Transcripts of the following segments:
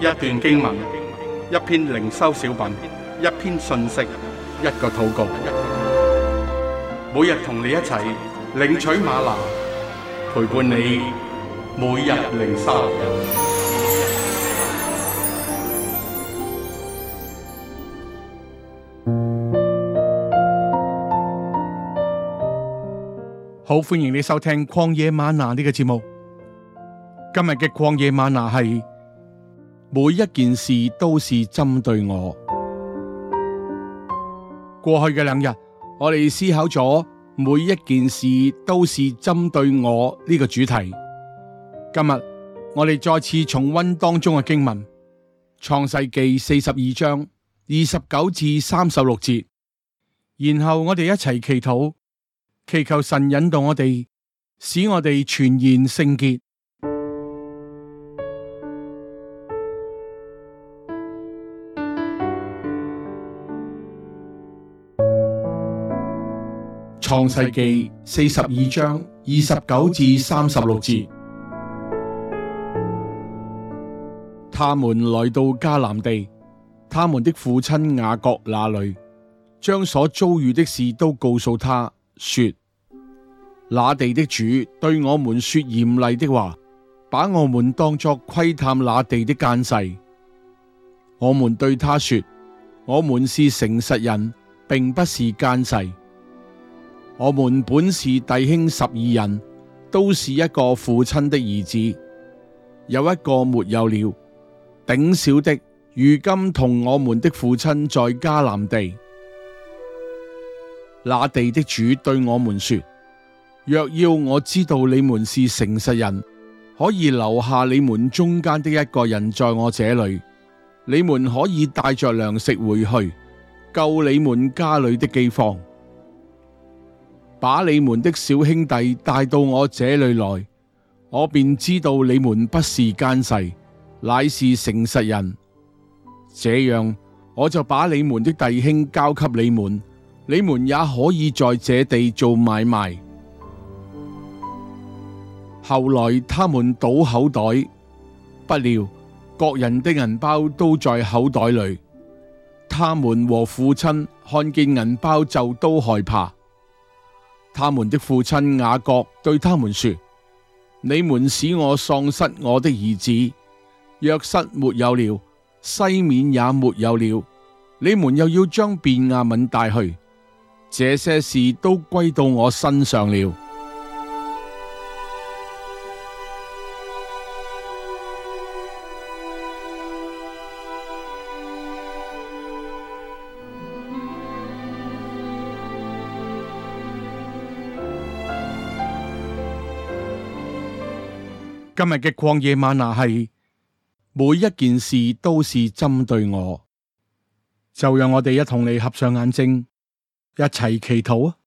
一段經文，一篇靈修小品，一篇信息，一個禱告。每日同你一齊領取嗎哪，陪伴你每日靈修。好，歡迎你收聽《曠野嗎哪》呢個節目。今日嘅《曠野嗎哪》係。每一件事都是針對我。過去嘅兩日，我哋思考咗每一件事都是針對我呢個主題。今日我哋再次重溫當中嘅經文《創世紀》四十二章二十九至三十六節，然後我哋一齊祈禱，祈求神引導我哋，使我哋全然聖潔。創世記四十二章二十九至三十六節，他們來到迦南地，他們的父親雅各那裡，將所遭遇的事都告訴他說：那地的主對我們說嚴厲的話，把我們當作窺探那地的奸細。我們對他說：我們是誠實人，並不是奸細。我們本是弟兄十二人，都是一個父親的兒子。有一個沒有了，頂小的，如今同我們的父親在迦南地。那地的主對我們說：若要我知道你們是誠實人，可以留下你們中間的一個人在我這裡，你們可以帶着糧食回去，救你們家裡的饑荒。把你們的小兄弟帶到我這裏來，我便知道你們不是奸細，乃是誠實人。這樣，我就把你們的弟兄交給你們，你們也可以在這地做買賣。後來，他們倒口袋，不料各人的銀包都在口袋裏。他們和父親看見銀包，就都害怕。他們的父親雅各對他們說：你們使我喪失我的兒子，約瑟沒有了，西緬也沒有了，你們又要將便雅憫帶去，這些事都歸到我身上了。今日嘅曠野嗎哪係每一件事都是針對我，就讓我哋一同你合上眼睛，一齊祈禱啊！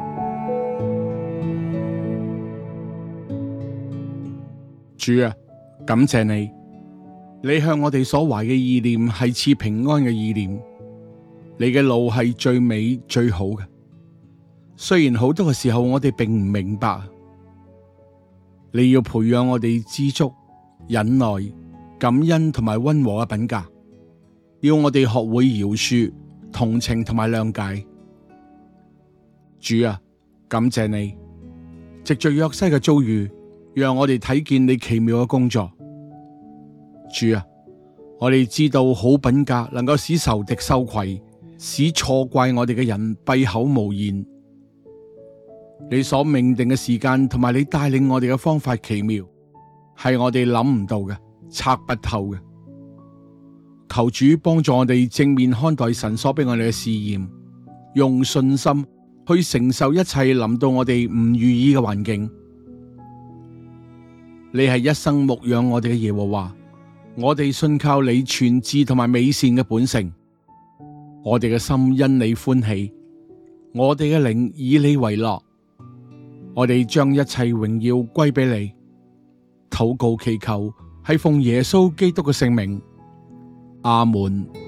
主啊，感謝你，你向我哋所懷嘅意念係賜平安嘅意念，你嘅路係最美最好嘅。雖然好多嘅時候，我哋並唔明白，你要培養我哋知足、忍耐、感恩同埋温和嘅品格，要我哋學會饒恕、同情同埋諒解。主啊，感謝你，藉着約瑟嘅遭遇，讓我哋睇見你奇妙嘅工作。主啊，我哋知道好品格能夠使仇敵羞愧，使錯怪我哋嘅人閉口無言。你所命定嘅時間同埋你帶領我哋嘅方法奇妙，係我哋諗唔到嘅，拆不透嘅。求主幫助我哋正面看待神所俾我哋嘅試驗，用信心去承受一切臨到我哋唔如意嘅環境。你係一生牧養我哋嘅耶和華，我哋信靠你全智同埋美善嘅本性，我哋嘅心因你歡喜，我哋嘅靈以你為樂。我哋將一切榮耀歸俾你，禱告祈求，係奉耶穌基督嘅聖名，阿門。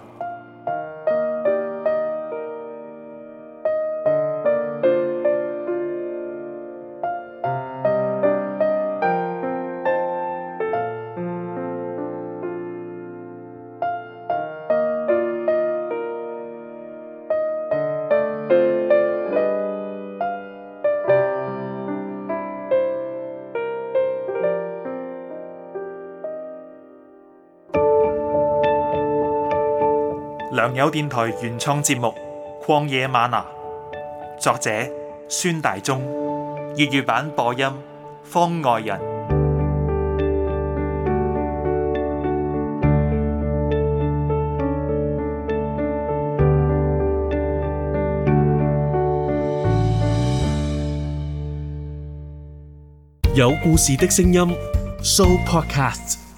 良友電台原創節目《曠野嗎哪》，作者孫大中，粵語版播音方外人，有故事嘅聲音，ShowPodcasts。